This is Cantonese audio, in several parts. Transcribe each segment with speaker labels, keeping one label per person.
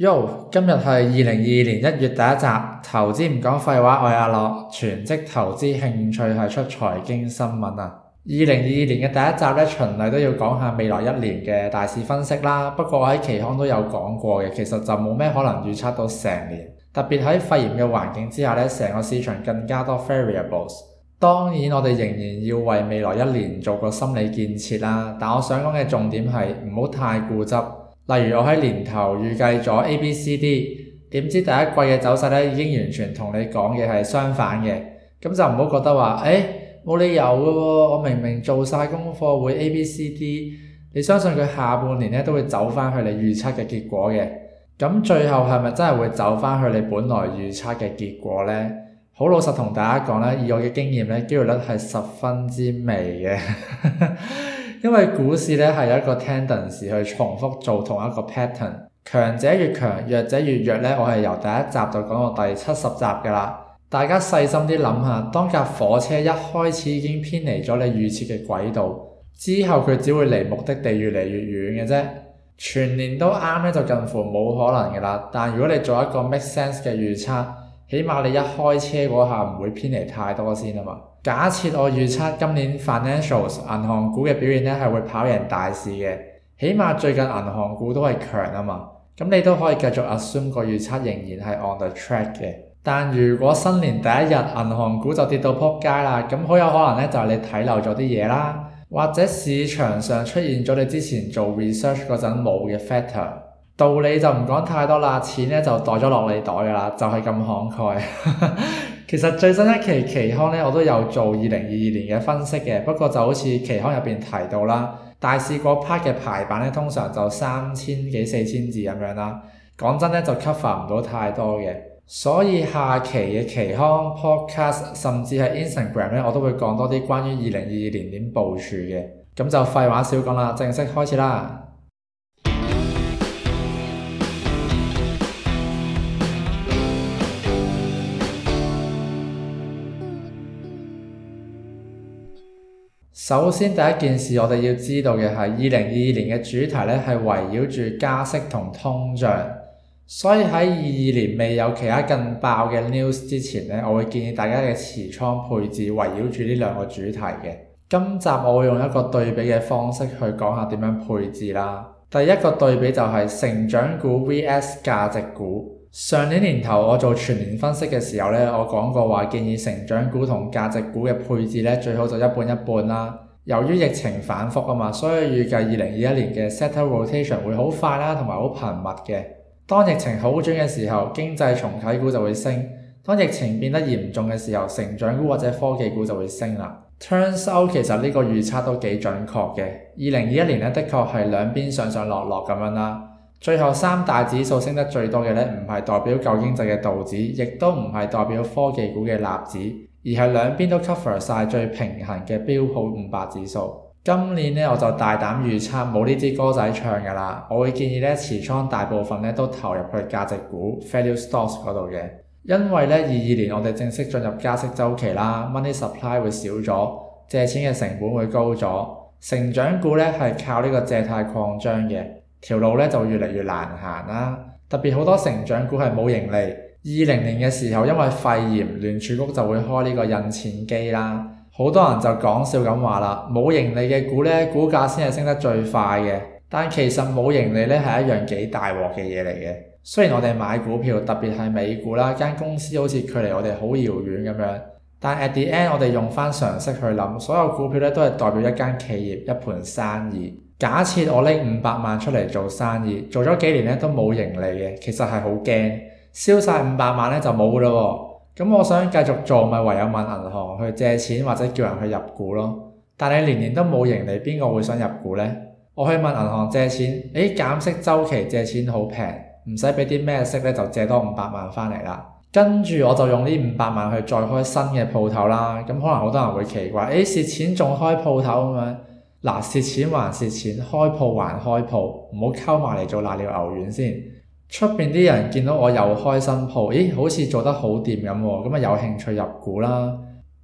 Speaker 1: Yo，今日係二零二二年一月第一集，投資唔講廢話，我係阿樂，全職投資興趣係出財經新聞啊。二零二二年嘅第一集呢，循例都要講下未來一年嘅大市分析啦。不過我喺期刊都有講過嘅，其實就冇咩可能預測到成年，特別喺肺炎嘅環境之下呢，成個市場更加多 variables。當然我哋仍然要為未來一年做個心理建設啦。但我想講嘅重點係唔好太固執。例如我喺年頭預計咗 A、B、C、D，點知第一季嘅走勢咧已經完全同你講嘅係相反嘅，咁就唔好覺得話，誒冇理由嘅喎，我明明做晒功課會 A、B、C、D，你相信佢下半年咧都會走翻去你預測嘅結果嘅，咁最後係咪真係會走翻去你本來預測嘅結果呢？好老實同大家講咧，以我嘅經驗咧，機會率係十分之微嘅。 因為股市咧係有一個 tendency 去重複做同一個 pattern，強者越強，弱者越弱呢。我係由第一集就講到第七十集㗎啦。大家細心啲諗下，當架火車一開始已經偏離咗你預設嘅軌道，之後佢只會離目的地越嚟越遠嘅啫。全年都啱咧，就近乎冇可能㗎啦。但如果你做一個 make sense 嘅預測，起碼你一開車嗰下唔會偏離太多先啊嘛。假設我預測今年 financials 銀行股嘅表現咧係會跑贏大市嘅，起碼最近銀行股都係強啊嘛，咁你都可以繼續 assume 個預測仍然係 on the track 嘅。但如果新年第一日銀行股就跌到撲街啦，咁好有可能咧就係你睇漏咗啲嘢啦，或者市場上出現咗你之前做 research 嗰陣冇嘅 factor。道理就唔講太多啦，錢咧就袋咗落你袋㗎啦，就係咁慷慨。 其實最新一期期刊呢，我都有做二零二二年嘅分析嘅。不過就好似期刊入面提到啦，大市嗰 part 嘅排版呢，通常就三千幾四千字咁樣啦。講真呢，就 cover 唔到太多嘅。所以下期嘅期刊 podcast 甚至係 Instagram 呢，我都會講多啲關於二零二二年點部署嘅。咁就廢話少講啦，正式開始啦。首先第一件事我哋要知道嘅係二零二二年嘅主題咧，係圍繞住加息同通脹。所以喺二二年未有其他更爆嘅 news 之前咧，我會建議大家嘅持倉配置圍繞住呢兩個主題嘅。今集我會用一個對比嘅方式去講下點樣配置啦。第一個對比就係成長股 VS 價值股。上年年頭我做全年分析嘅時候呢，我講過話建議成長股同價值股嘅配置呢，最好就一半一半啦。由於疫情反覆啊嘛，所以預計二零二一年嘅 settle rotation 會好快啦，同埋好頻密嘅。當疫情好轉嘅時候，經濟重啟股就會升；當疫情變得嚴重嘅時候，成長股或者科技股就會升啦。Turns out 其實呢個預測都幾準確嘅。二零二一年咧，的確係兩邊上上落落咁樣啦。最後三大指數升得最多嘅咧，唔係代表舊經濟嘅道指，亦都唔係代表科技股嘅納指，而係兩邊都 cover 晒最平衡嘅標普五百指數。今年咧，我就大膽預測冇呢支歌仔唱㗎啦，我會建議咧持倉大部分咧都投入去價值股 f a i l u r e stocks） 嗰度嘅，因為咧二二年我哋正式進入加息周期啦，money supply 會少咗，借錢嘅成本會高咗，成長股咧係靠呢個借貸擴張嘅。條路呢就越嚟越難行啦，特別好多成長股係冇盈利。二零年嘅時候，因為肺炎，聯儲局就會開呢個印錢機啦。好多人就講笑咁話啦，冇盈利嘅股呢，股價先係升得最快嘅。但其實冇盈利呢係一樣幾大鑊嘅嘢嚟嘅。雖然我哋買股票，特別係美股啦，間公司好似距離我哋好遙遠咁樣，但 at the end 我哋用返常識去諗，所有股票呢都係代表一間企業一盤生意。假設我拎五百萬出嚟做生意，做咗幾年都冇盈利嘅，其實係好驚，燒曬五百萬咧就冇噶咯喎。咁我想繼續做，咪唯有問銀行去借錢或者叫人去入股咯。但你年年都冇盈利，邊個會想入股呢？我去問銀行借錢，誒減息週期借錢好平，唔使俾啲咩息咧，就借多五百萬翻嚟啦。跟住我就用呢五百萬去再開新嘅鋪頭啦。咁可能好多人會奇怪，誒蝕錢仲開鋪頭咁樣。嗱，蝕錢還蝕錢，開鋪還開鋪，唔好溝埋嚟做瀨尿牛丸先。出邊啲人見到我又開新鋪，咦，好似做得好掂咁喎，咁啊有興趣入股啦。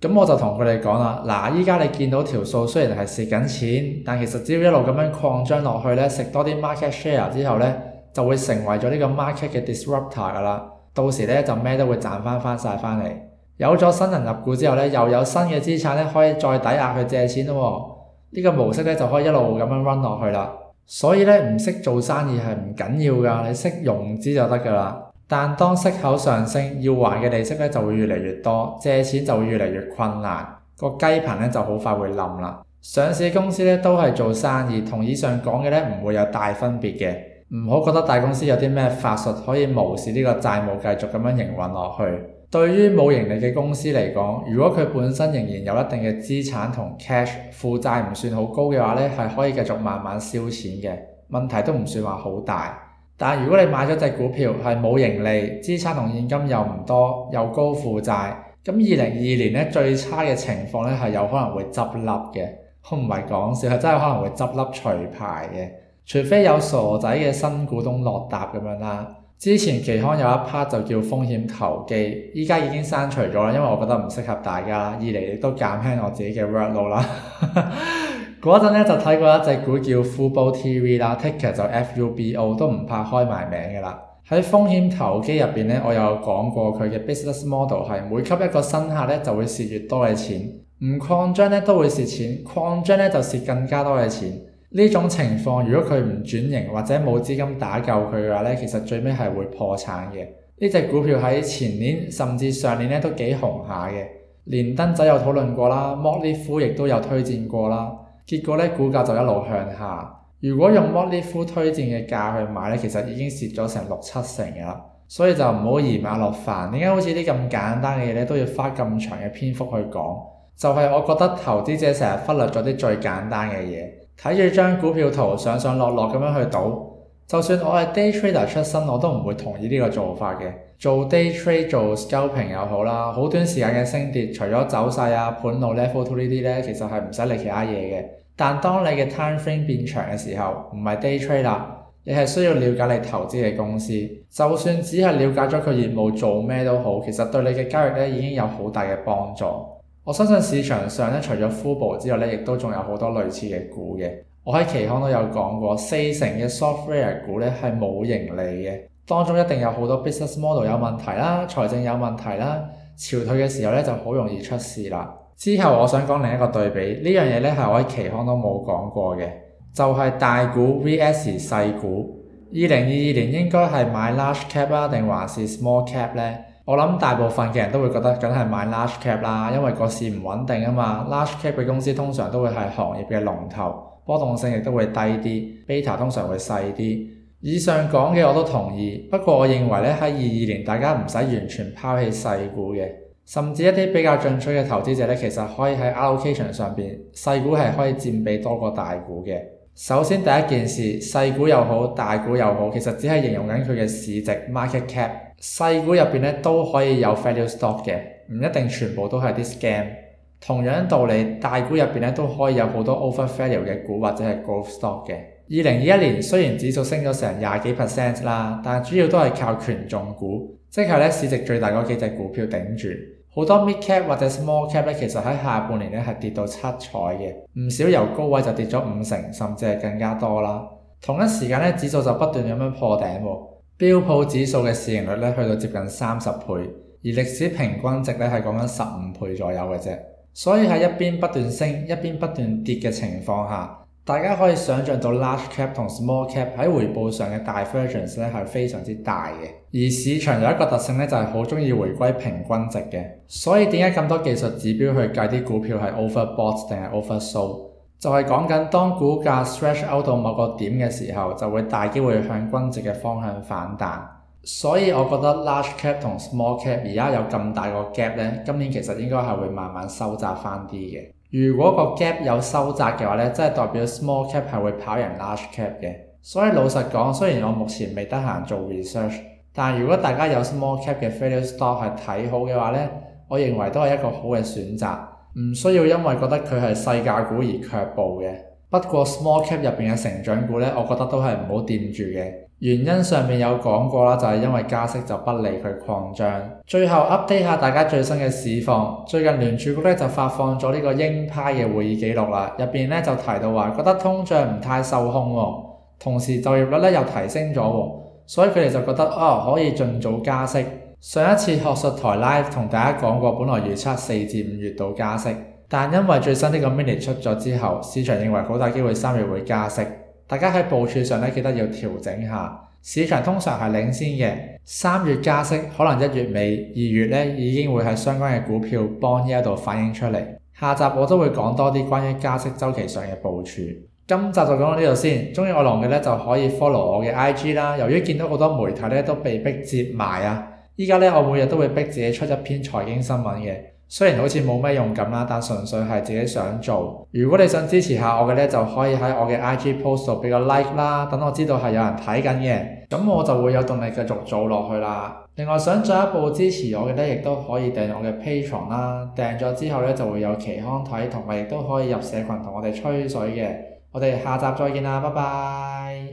Speaker 1: 咁我就同佢哋講啦，嗱，依家你見到條數雖然係蝕緊錢，但其實只要一路咁樣擴張落去咧，食多啲 market share 之後咧，就會成為咗呢個 market 嘅 disruptor 噶啦。到時咧就咩都會賺翻翻晒翻嚟。有咗新人入股之後咧，又有新嘅資產咧，可以再抵押佢借錢咯喎。呢個模式咧就可以一路咁樣 run 落去啦，所以咧唔識做生意係唔緊要噶，你識融資就得噶啦。但當息口上升，要還嘅利息咧就會越嚟越多，借錢就會越嚟越困難，個雞棚咧就好快會冧啦。上市公司咧都係做生意，同以上講嘅咧唔會有大分別嘅，唔好覺得大公司有啲咩法術可以無視呢個債務繼續咁樣營運落去。對於冇盈利嘅公司嚟講，如果佢本身仍然有一定嘅資產同 cash 負債唔算好高嘅話呢係可以繼續慢慢燒錢嘅，問題都唔算話好大。但如果你買咗隻股票係冇盈利、資產同現金又唔多、又高負債，咁二零二二年呢最差嘅情況呢，係有可能會執笠嘅，唔係講笑，係真係可能會執笠除牌嘅，除非有傻仔嘅新股東落搭咁樣啦。之前奇康有一 part 就叫風險投機，依家已經刪除咗啦，因為我覺得唔適合大家，二嚟亦都減輕我自己嘅 workload 啦。嗰陣咧就睇過一隻股叫 fuboTV 啦，Ticker 就 FUBO，都唔怕開埋名嘅啦。喺風險投機入面咧，我有講過佢嘅 business model 係每吸一個新客咧就會蝕越多嘅錢，唔擴張咧都會蝕錢，擴張咧就蝕更加多嘅錢。呢種情況，如果佢唔轉型或者冇資金打救佢嘅話呢，其實最尾係會破產嘅。呢隻股票喺前年甚至上年都幾紅下嘅，連登仔有討論過啦，莫利夫亦都有推薦過啦。結果呢，股價就一路向下。如果用莫利夫推薦嘅價去買呢，其實已經蝕咗成六七成嘅啦。所以就唔好嫌阿洛煩，點解好似啲咁簡單嘅嘢都要花咁長嘅篇幅去講，就係、是、我覺得投資者成日忽略咗啲最簡單嘅嘢。睇住張股票圖上上落落咁樣去賭，就算我係 day trader 出身，我都唔會同意呢個做法嘅。做 day trade 做 scalping 又好啦，好短時間嘅升跌，除咗走勢啊、盤路 level two 呢啲咧，其實係唔使理其他嘢嘅。但當你嘅 time frame 變長嘅時候，唔係 day trade 啦，亦係需要了解你投資嘅公司。就算只係了解咗佢業務做咩都好，其實對你嘅交易咧已經有好大嘅幫助。我相信市場上咧，除咗 Fubo 之外咧，亦都仲有好多類似嘅股嘅。我喺期康都有講過，四成嘅 software 股咧係冇盈利嘅，當中一定有好多 business model 有問題啦，財政有問題啦，潮退嘅時候咧就好容易出事啦。之後我想講另一個對比，呢樣嘢咧係我喺期康都冇講過嘅，就係、是、大股 VS 細股。二零二二年應該係買 large cap 啊，定還是 small cap 咧？我諗大部分嘅人都會覺得梗係買 large cap 啦，因為個市唔穩定啊嘛。large cap 嘅公司通常都會係行業嘅龍頭，波動性亦都會低啲，beta 通常會細啲。以上講嘅我都同意，不過我認為咧喺二二年大家唔使完全拋棄細股嘅，甚至一啲比較進取嘅投資者咧，其實可以喺 allocation 上面，細股係可以佔比多過大股嘅。首先第一件事，細股又好，大股又好，其實只係形容緊佢嘅市值 （market cap）。細股入面都可以有 value stock 嘅，唔一定全部都係啲 scam。同樣道理，大股入面都可以有好多 over value 嘅股或者係 growth stock 嘅。二零二一年雖然指數升咗成廿幾 percent 啦，但主要都係靠權重股，即係咧市值最大嗰幾隻股票頂住。好多 mid cap 或者 small cap 其實喺下半年咧係跌到七彩嘅，唔少由高位就跌咗五成，甚至係更加多啦。同一時間咧，指數就不斷咁樣破頂喎，標普指數嘅市盈率去到接近三十倍，而歷史平均值咧係講緊十五倍左右嘅啫。所以喺一邊不斷升，一邊不斷跌嘅情況下。大家可以想象到 large cap 同 small cap 喺回報上嘅 divergence 咧係非常之大嘅，而市場有一個特性咧就係好鍾意回歸平均值嘅，所以點解咁多技術指標去計啲股票係 overbought 定係 oversold？就係講緊當股價 stretch out 到某個點嘅時候，就會大機會向均值嘅方向反彈。所以我覺得 large cap 同 small cap 而家有咁大個 gap 咧，今年其實應該係會慢慢收窄返啲嘅。如果個 gap 有收窄嘅話咧，即係代表 small cap 係會跑贏 large cap 嘅。所以老實講，雖然我目前未得閒做 research，但如果大家有 small cap 嘅 failure stock 係睇好嘅話咧，我認為都係一個好嘅選擇，唔需要因為覺得佢係細價股而卻步嘅。不過 Small Cap 入面嘅成長股咧，我覺得都係唔好掂住嘅。原因上面有講過啦，就係因為加息就不利佢擴張。最後 update 下大家最新嘅市況，最近聯儲局咧就發放咗呢個鷹派嘅會議記錄啦，入面咧就提到話覺得通脹唔太受控喎，同時就業率咧又提升咗喎，所以佢哋就覺得、哦、可以盡早加息。上一次學術台 live 同大家講過，本來預測四至五月度加息。但因為最新的個 mini 出咗之後，市場認為好大機會三月會加息，大家喺部署上呢，記得要調整下。市場通常係領先嘅，三月加息可能一月尾、二月呢已經會喺相關嘅股票幫呢一度反映出嚟。下集我都會講多啲關於加息周期上嘅部署。今集就講到呢度先，中意我龍嘅呢就可以 follow 我嘅 IG 啦。由於見到好多媒體呢都被逼結業啊，依家呢我每日都會逼自己出一篇財經新聞嘅。雖然好似冇咩用咁啦，但純粹係自己想做。如果你想支持下我嘅呢，就可以喺我嘅 IG post 度俾個 like 啦，等我知道係有人睇緊嘅，咁我就會有動力繼續做落去啦。另外想進一步支持我嘅呢，亦都可以訂我嘅 Patreon 啦。訂咗之後呢，就會有期刊睇，同埋亦都可以入社群同我哋吹水嘅。我哋下集再見啦，拜拜。